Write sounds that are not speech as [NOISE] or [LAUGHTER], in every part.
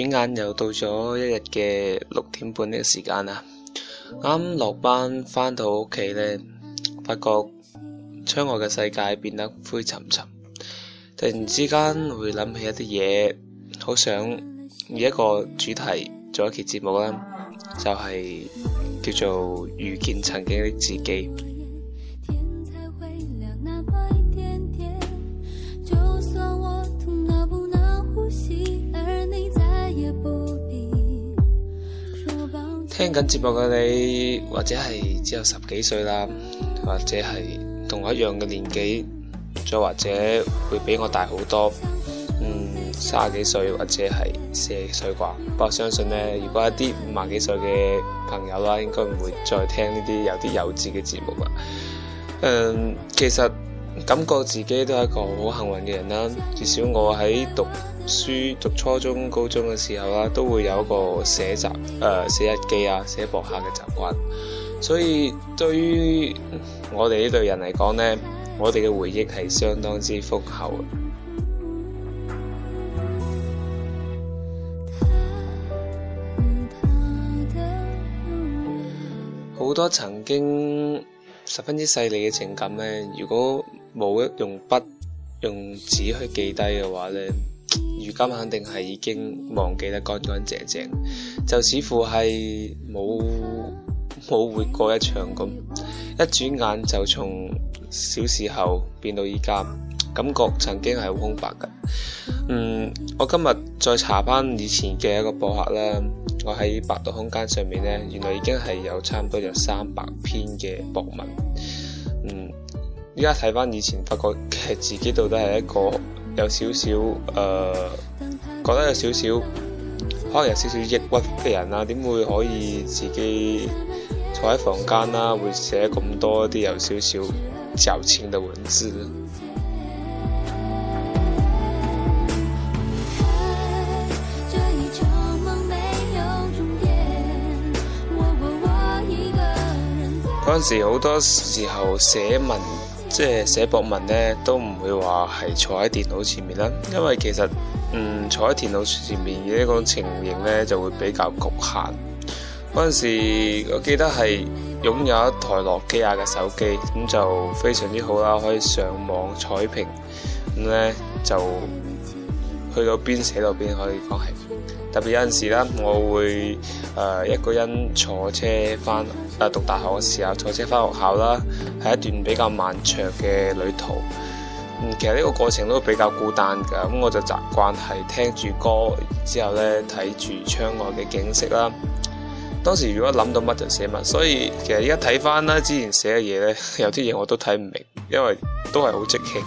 轉眼又到咗一日嘅六點半呢個時間啦，啱落班返到屋企咧，發覺窗外嘅世界變得灰沉沉，突然之間會諗起一啲嘢，好想以一個主題做一期節目啦，就係叫做遇見曾經的自己。聽緊節目嘅你，或者係只有十幾歲啦，或者係同我一樣嘅年紀，再或者會比我大好多，嗯，三十幾歲或者係四十幾歲啩。不過我相信咧，如果一啲五十幾歲嘅朋友啦，啊，應該唔會再聽呢啲有啲幼稚嘅節目啦，啊。嗯，其實。感覺自己都係一個好幸運嘅人啦，至少我喺讀書、讀初中、高中嘅時候啦，都會有一個寫習、誒、呃、寫日記啊、寫博客嘅習慣。所以對於我哋呢代人嚟講咧，我哋嘅回憶係相當之豐厚。好多曾經十分之細膩嘅情感咧，如果冇用筆用紙去記低嘅話呢，如今肯定係已經忘記得乾乾淨淨，就似乎係冇冇活過一場咁，一轉眼就從小時候變到依家，感覺曾經係好空白嘅。嗯，我今日再查返以前嘅一個博客啦，我喺百度空間上面呢，原來已經係有差唔多有三百篇嘅博文。而家睇翻以前，發覺其實自己到底係一個有少少誒，覺得有少少可能有少少抑鬱嘅人啊？點會可以自己坐喺房間啦，啊，會寫咁多啲有少少矯情嘅文字？嗰陣時好多時候寫文。即係寫博文咧，都唔會話係坐喺電腦前面啦。因為其實，嗯，坐喺電腦前面嘅呢個情形咧，就會比較局限。嗰陣時，我記得係擁有一台諾基亞嘅手機，咁就非常之好啦，可以上網彩屏，咁咧就去到邊寫到邊，可以講係。特別有陣時啦，我會誒、呃、一個人坐車翻，誒、呃、讀大學嘅時候坐車翻學校啦，係一段比較漫長嘅旅途。嗯，其實呢個過程都比較孤單㗎，咁我就習慣係聽住歌，之後咧睇住窗外嘅景色啦。當時如果諗到乜就寫乜，所以其實而家睇翻啦之前寫嘅嘢咧，有啲嘢我都睇唔明，因為都係好即興。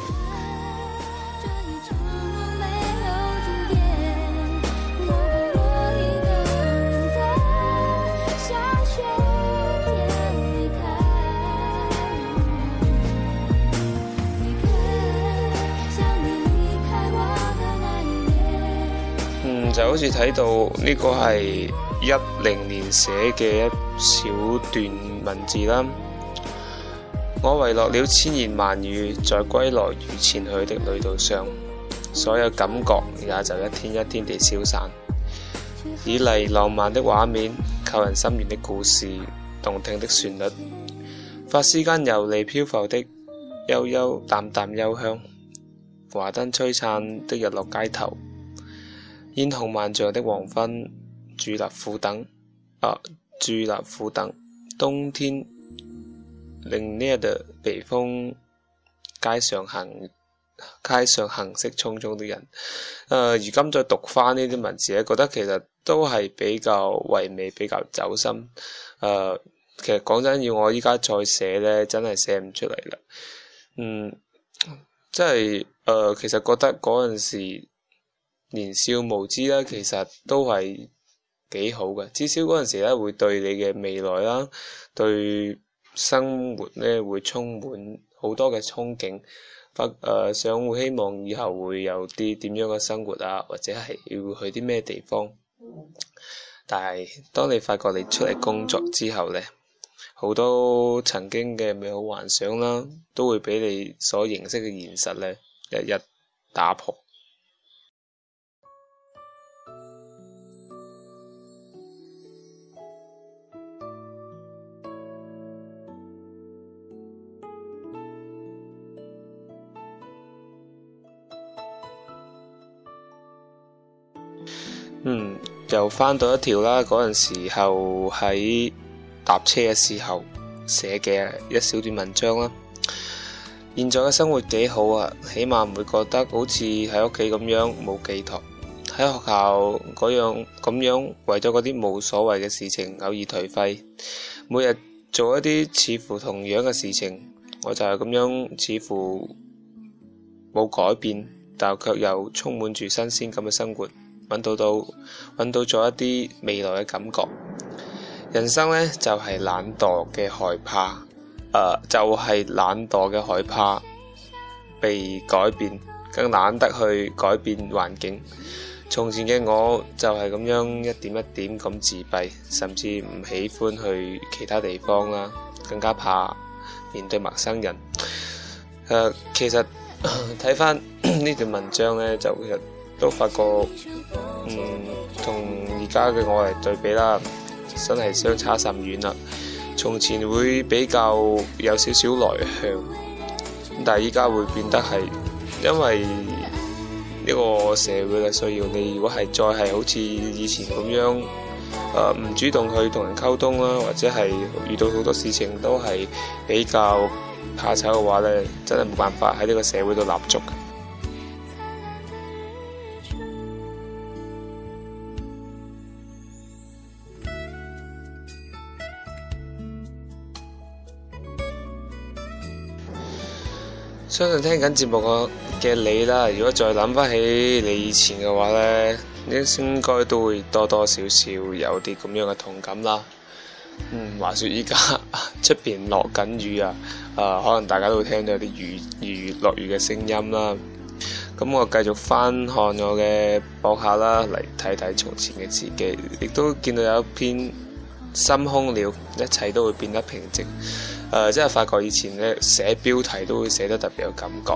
就好似睇到呢個係一零年寫嘅一小段文字啦。我遺落了千言萬語，在歸來與前去的旅途上，所有感覺也就一天一天地消散。以嚟浪漫的畫面、扣人心絃的故事、動聽的旋律、發絲間游離漂浮的幽幽淡淡淡幽香、華燈璀璨的日落街頭。煙紅萬丈的黃昏，住立苦等，啊，注立苦等，冬天令呢一度避風街上行，街上行色匆匆的人，啊、呃，如今再讀翻呢啲文字咧，覺得其實都係比較唯美，比較走心，啊、呃，其實講真，要我依家再寫咧，真係寫唔出嚟啦，嗯，即係，誒、呃，其實覺得嗰陣時。年少無知啦，其實都係幾好嘅，至少嗰陣時咧會對你嘅未來啦，對生活咧會充滿好多嘅憧憬，發誒、呃、想會希望以後會有啲點樣嘅生活啊，或者係要去啲咩地方。但係當你發覺你出嚟工作之後咧，好多曾經嘅美好幻想啦，都會俾你所認識嘅現實咧日日打破。又翻到一條啦，嗰陣時候喺搭車嘅時候寫嘅一小段文章啦。現在嘅生活幾好啊，起碼唔會覺得好似喺屋企咁樣冇寄託。喺學校嗰樣咁樣為咗嗰啲冇所謂嘅事情，偶爾頹廢，每日做一啲似乎同樣嘅事情，我就係咁樣，似乎冇改變，但係卻又充滿住新鮮咁嘅生活。揾到到，到咗一啲未來嘅感覺。人生呢，就係懶惰嘅害怕，誒、呃，就係懶惰嘅害怕，被改變，更懶得去改變環境。從前嘅我就係咁樣一點一點咁自閉，甚至唔喜歡去其他地方啦，更加怕面對陌生人。誒、呃，其實睇返呢段文章呢，就都發覺，嗯，同而家嘅我嚟對比啦，真係相差甚遠啦。從前會比較有少少內向，但係依家會變得係，因為呢個社會嘅需要，你如果係再係好似以前咁樣，誒、呃、唔主動去同人溝通啦，或者係遇到好多事情都係比較怕醜嘅話咧，真係冇辦法喺呢個社會度立足。相信聽緊節目嘅嘅你啦，如果再諗翻起你以前嘅話呢，應該都會多多少少有啲咁樣嘅痛感啦。嗯，話說依家出邊落緊雨啊，誒、呃，可能大家都會聽到有啲雨雨落雨嘅聲音啦。咁我繼續翻看我嘅博客啦，嚟睇睇從前嘅自己，亦都見到有一篇。心空了，一切都會變得平靜。誒、呃，即係發覺以前咧寫標題都會寫得特別有感覺。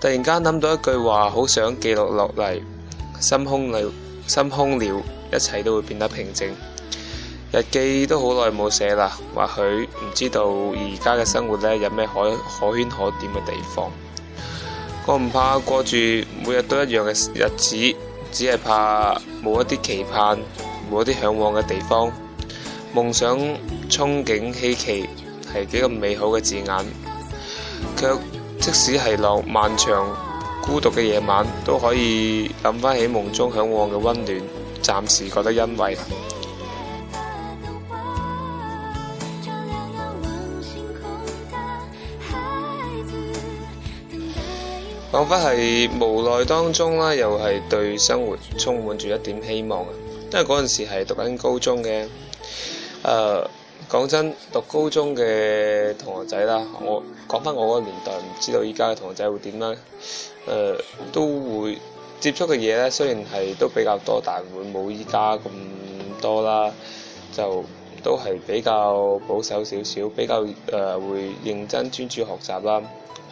突然間諗到一句話，好想記錄落嚟。心空了，心空了，一切都會變得平靜。日記都好耐冇寫啦，或許唔知道而家嘅生活咧有咩可可圈可點嘅地方。我唔怕過住每日都一樣嘅日子，只係怕冇一啲期盼，冇一啲嚮往嘅地方。夢想、憧憬、希冀，係幾個美好嘅字眼。卻即使係落漫長孤獨嘅夜晚，都可以諗翻起夢中向往嘅溫暖，暫時覺得欣慰。講返係無奈當中啦，又係對生活充滿住一點希望。因為嗰陣時係讀緊高中嘅。誒講、uh, 真，讀高中嘅同學仔啦，我講翻我嗰個年代，唔知道依家嘅同學仔會點啦。誒、uh, 都會接觸嘅嘢咧，雖然係都比較多，但係會冇依家咁多啦。就都係比較保守少少，比較誒、uh, 會認真專注學習啦。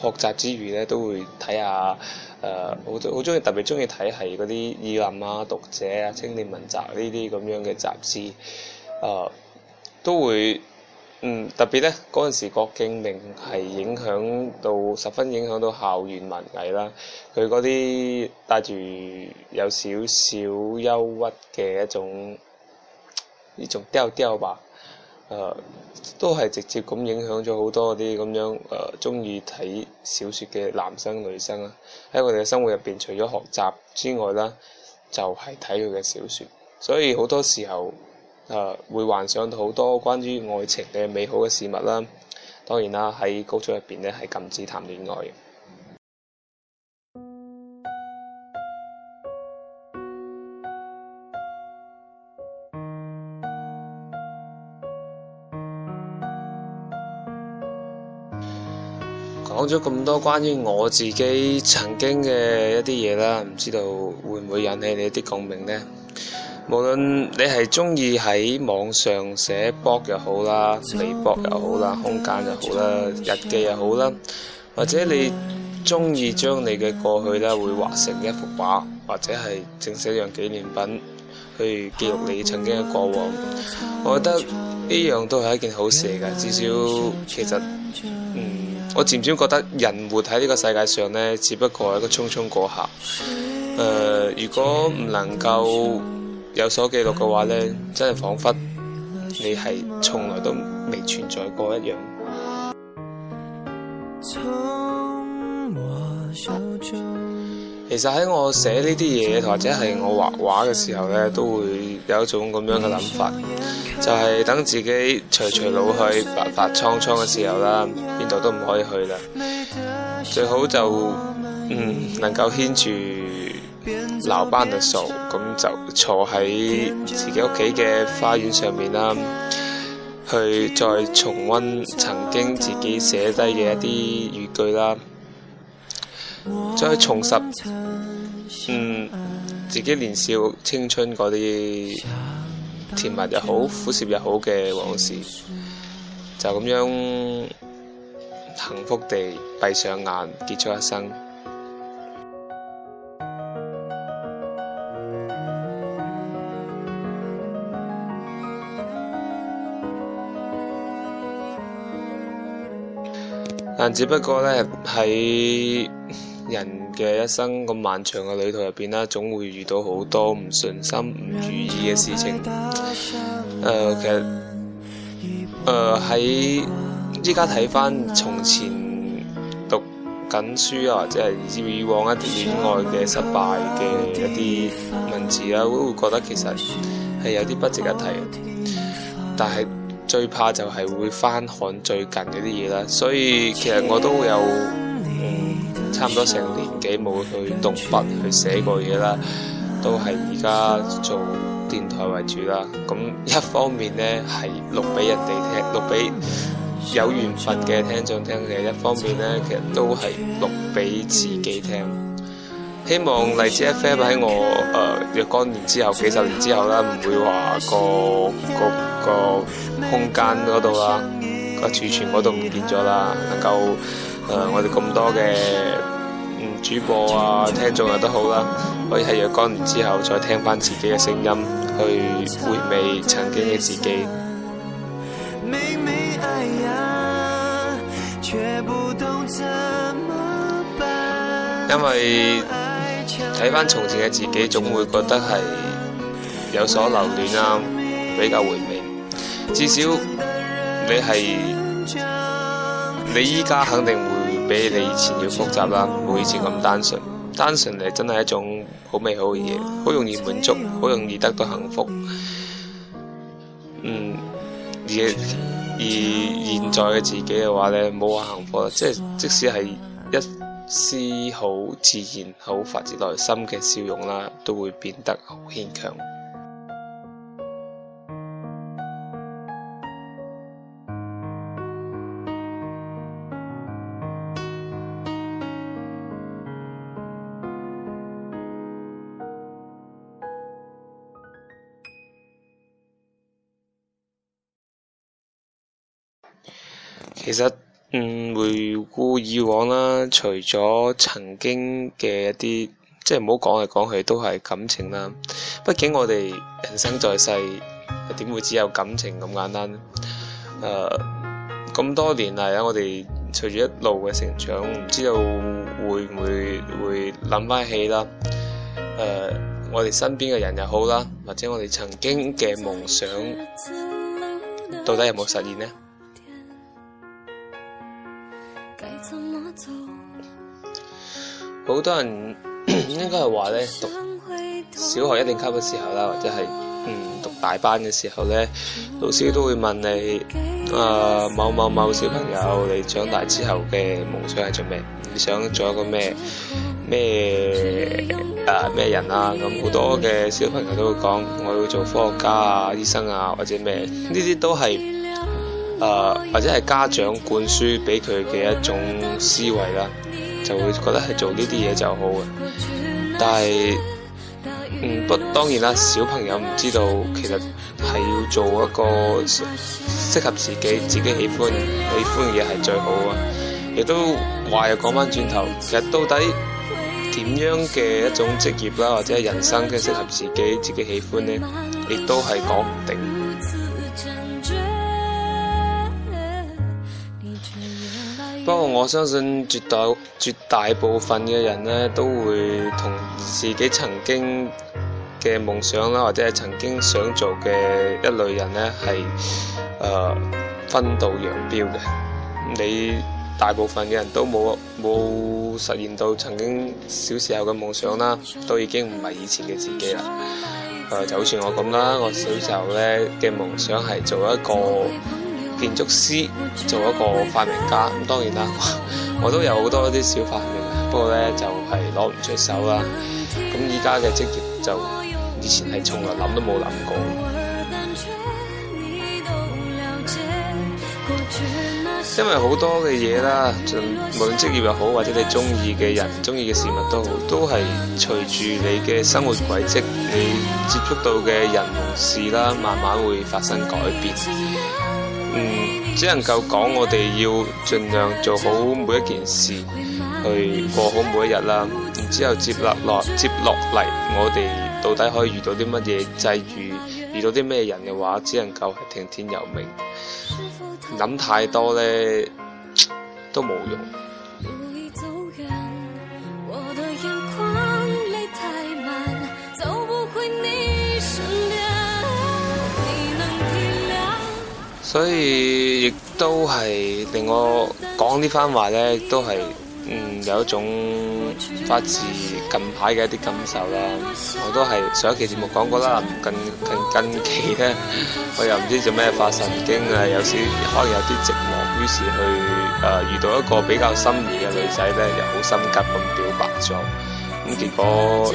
學習之餘咧，都會睇下誒，好好中意，特別中意睇係嗰啲《意林》啊、《讀者》啊、《青年文集》呢啲咁樣嘅雜誌，誒、uh,。都會嗯特別咧，嗰陣時郭敬明係影響到十分影響到校園文藝啦。佢嗰啲帶住有少少憂鬱嘅一種呢種調調吧，誒、呃、都係直接咁影響咗好多啲咁樣誒中意睇小説嘅男生女生啊。喺我哋嘅生活入邊，除咗學習之外啦，就係睇佢嘅小説，所以好多時候。誒、啊、會幻想到好多關於愛情嘅美好嘅事物啦。當然啦，喺高中入邊咧係禁止談戀愛嘅。 [MUSIC] 講咗咁多關於我自己曾經嘅一啲嘢啦，唔知道會唔會引起你一啲共鳴呢？無論你係中意喺網上寫博又好啦，微博又好啦，空間又好啦，日記又好啦，或者你中意將你嘅過去咧，會畫成一幅畫，或者係整寫一樣紀念品去記錄你曾經嘅過往，我覺得呢樣都係一件好事嚟㗎。至少其實，嗯，我漸漸覺得人活喺呢個世界上咧，只不過係一個匆匆過客。誒、呃，如果唔能夠，有所記錄嘅話呢，真係彷彿你係從來都未存在過一樣。其實喺我寫呢啲嘢，或者係我畫畫嘅時候呢，都會有一種咁樣嘅諗法，就係、是、等自己垂垂老去、白髮蒼蒼嘅時候啦，邊度都唔可以去啦。最好就嗯能夠牽住，留班就熟，咁就坐喺自己屋企嘅花園上面啦，去再重温曾經自己寫低嘅一啲語句啦，再重拾嗯自己年少青春嗰啲甜蜜又好、苦澀又好嘅往事，就咁樣幸福地閉上眼，結束一生。但只不過呢，喺人嘅一生咁漫長嘅旅途入邊啦，總會遇到好多唔順心、唔如意嘅事情。誒、呃，其實誒喺依家睇返從前讀緊書啊，或者係以往一啲戀愛嘅失敗嘅一啲文字呀，我都會覺得其實係有啲不值一提。但係最怕就係會翻看最近嗰啲嘢啦，所以其實我都有、嗯、差唔多成年幾冇去動筆去寫過嘢啦，都係而家做電台為主啦。咁一方面呢係錄俾人哋聽，錄俾有緣分嘅聽眾聽嘅；一方面呢，其實都係錄俾自己聽。希望荔枝一 f i 喺我誒若干年之後、幾十年之後啦，唔會話個個個個空間度啦，個儲存度唔見咗啦，能夠誒、呃、我哋咁多嘅、嗯主播啊聽眾啊都好啦、啊，可以喺若干年之後再聽翻自己嘅聲音，去回味曾經嘅自己。因為睇翻從前嘅自己，總會覺得係有所留戀啊，比較回味。至少你係你依家肯定會比你以前要複雜啦，冇以前咁單純。單純咧真係一種好美好嘅嘢，好容易滿足，好容易得到幸福。嗯，而而現在嘅自己嘅話咧，冇話幸福啦，即係即使係一絲好自然、好發自內心嘅笑容啦，都會變得好牽強。其實，嗯，回顧以往啦，除咗曾經嘅一啲，即係唔好講嚟講去都係感情啦。畢竟我哋人生在世，點會只有感情咁簡單咧？誒，咁、呃、多年嚟啦，我哋隨住一路嘅成長，唔知道會唔會會諗翻起啦？誒、呃，我哋身邊嘅人又好啦，或者我哋曾經嘅夢想，到底有冇實現呢？好多人 [COUGHS] 應該係話咧，讀小學一年級嘅時候啦，或者係嗯讀大班嘅時候咧，老師都會問你，誒、呃、某某某小朋友，你長大之後嘅夢想係做咩？你想做一個咩咩誒咩人啊？咁好多嘅小朋友都會講，我要做科學家啊、醫生啊，或者咩？呢啲都係。誒、uh, 或者係家長灌輸俾佢嘅一種思維啦，就會覺得係做呢啲嘢就好嘅。但係唔不當然啦，小朋友唔知道其實係要做一個適合自己、自己喜歡喜歡嘅嘢係最好啊。亦都話又講返轉頭，其實到底點樣嘅一種職業啦，或者係人生嘅適合自己、自己喜歡呢，亦都係講唔定。不過我相信絕大絕大部分嘅人咧，都會同自己曾經嘅夢想啦，或者係曾經想做嘅一類人咧，係誒、呃、分道揚鑣嘅。你大部分嘅人都冇冇實現到曾經小時候嘅夢想啦，都已經唔係以前嘅自己啦。誒、呃、就好似我咁啦，我小時候咧嘅夢想係做一個，建築師，做一個發明家咁，當然啦，我都有好多啲小發明，不過咧就係攞唔出手啦。咁而家嘅職業就以前係從來諗都冇諗過。因為好多嘅嘢啦，無論職業又好，或者你中意嘅人、中意嘅事物都好，都係隨住你嘅生活軌跡，你接觸到嘅人事啦，慢慢會發生改變。嗯，只能夠講我哋要盡量做好每一件事，去過好每一日啦。然、嗯、之後接落來，接落嚟，我哋到底可以遇到啲乜嘢際遇，遇到啲咩人嘅話，只能夠聽天由命。諗太多咧，都冇用。所以亦都係令我講呢番話咧，都係嗯有一種發自近排嘅一啲感受啦。我都係上一期節目講過啦，近近近，近期咧，我又唔知做咩發神經啊，有時可能有啲寂寞，於是去誒、呃、遇到一個比較心儀嘅女仔咧，又好心急咁表白咗，咁結果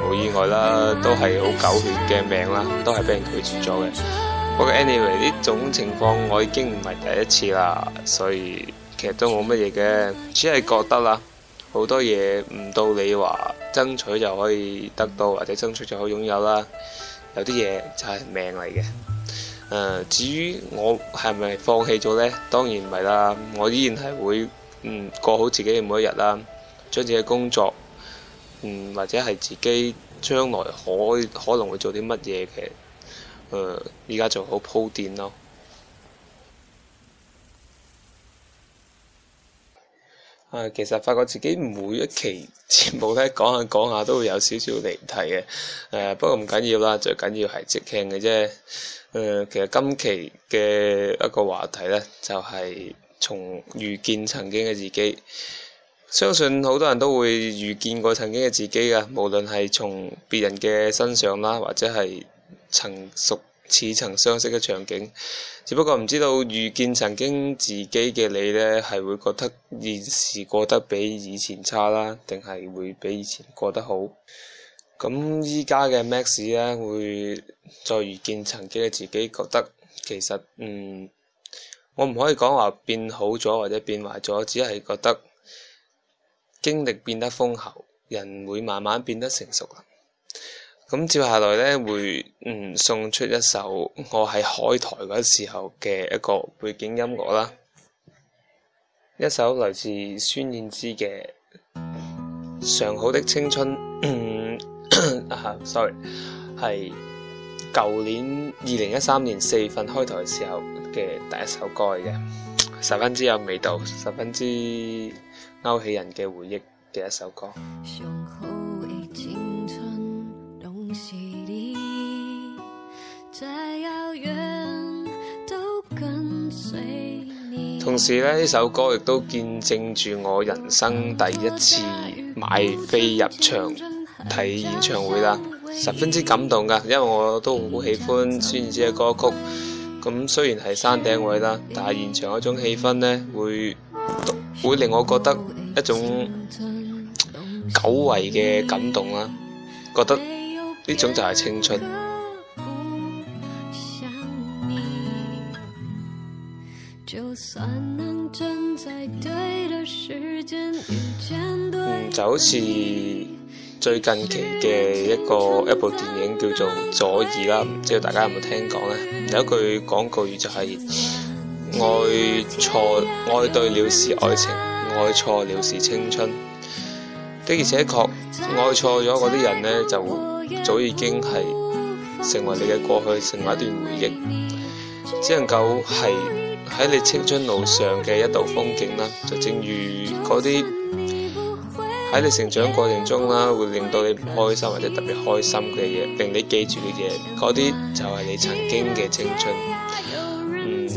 如無意外啦，都係好狗血嘅命啦，都係俾人拒絕咗嘅。不過 anyway 呢種情況我已經唔係第一次啦，所以其實都冇乜嘢嘅，只係覺得啦，好多嘢唔到你話爭取就可以得到，或者爭取就可以擁有啦。有啲嘢就係命嚟嘅。誒、呃，至於我係咪放棄咗呢？當然唔係啦，我依然係會嗯過好自己嘅每一日啦，將自己嘅工作嗯或者係自己將來可可能會做啲乜嘢嘅。誒，依家做好鋪墊咯。誒、呃，其實發覺自己每一期節目咧講下講下都會有少少離題嘅，誒、呃、不過唔緊要啦，最緊要係即興嘅啫。誒、呃，其實今期嘅一個話題咧，就係、是、從遇見曾經嘅自己。相信好多人都會遇見過曾經嘅自己啊，無論係從別人嘅身上啦，或者係。曾熟似曾相識嘅場景，只不過唔知道遇見曾經自己嘅你咧，係會覺得現時過得比以前差啦，定係會比以前過得好？咁依家嘅 Max 咧，會再遇見曾經嘅自己，覺得其實嗯，我唔可以講話變好咗或者變壞咗，只係覺得經歷變得豐厚，人會慢慢變得成熟啦。咁接、嗯、下來咧，會嗯送出一首我喺開台嗰時候嘅一個背景音樂啦，一首來自孫燕姿嘅《尚好的青春》嗯 [COUGHS] 啊，sorry 係舊年二零一三年四月份開台嘅時候嘅第一首歌嚟嘅，十分之有味道，十分之勾起人嘅回憶嘅一首歌。同時咧，呢首歌亦都見證住我人生第一次買飛入場睇演唱會啦，十分之感動㗎，因為我都好喜歡孫燕姿嘅歌曲。咁雖然係山頂位啦，但係現場嗰種氣氛咧，會會令我覺得一種久違嘅感動啦，覺得呢種就係青春。嗯，就好似最近期嘅一個一部電影叫做《左耳》啦，唔知道大家有冇聽講呢？有一句廣告語就係：愛錯愛對了是愛情，愛錯了是青春。的而且確，愛錯咗嗰啲人呢，就早已經係成為你嘅過去，成為一段回憶，只能夠係。喺你青春路上嘅一道風景啦，就正如嗰啲喺你成長過程中啦，會令到你唔開心或者特別開心嘅嘢，令你記住嘅嘢，嗰啲就係你曾經嘅青春。嗯，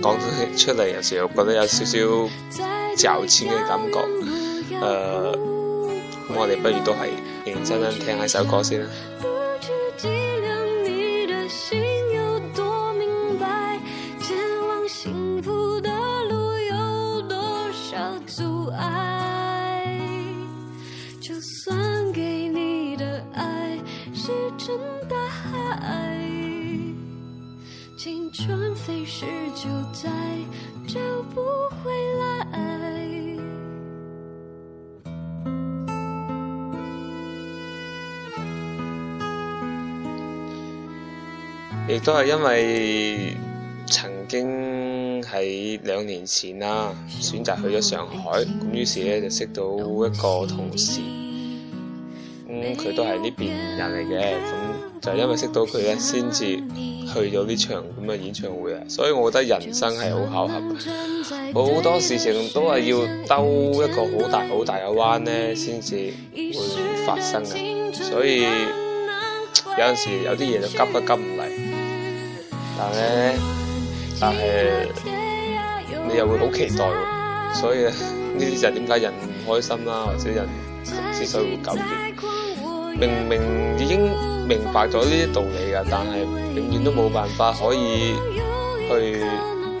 講、嗯、出嚟有時候覺得有少少詐錢嘅感覺。誒、呃，咁我哋不如都係認真聽下首歌先啦。亦都係因為曾經喺兩年前啦，選擇去咗上海，咁於是咧就識到一個同事，咁佢都係呢邊人嚟嘅，咁就是、因為識到佢咧，先至去咗呢場咁嘅演唱會啊，所以我覺得人生係好巧合，好多事情都係要兜一個好大好大嘅彎咧，先至會發生嘅，所以有陣時有啲嘢就急一急但係，但係你又會好期待，所以咧呢啲就係點解人唔開心啦，或者人之所以會糾結，明明已經明白咗呢啲道理㗎，但係永遠都冇辦法可以去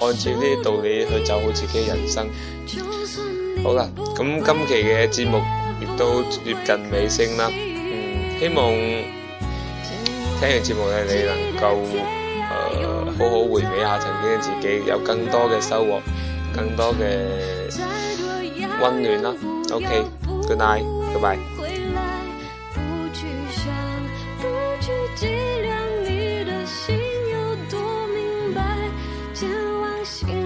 按照呢啲道理去走好自己嘅人生。好啦，咁今期嘅節目亦都接近尾聲啦，嗯，希望聽完節目咧你能夠。好好回味下曾經嘅自己，有更多嘅收穫，更多嘅溫暖啦。OK，Good night，Goodbye。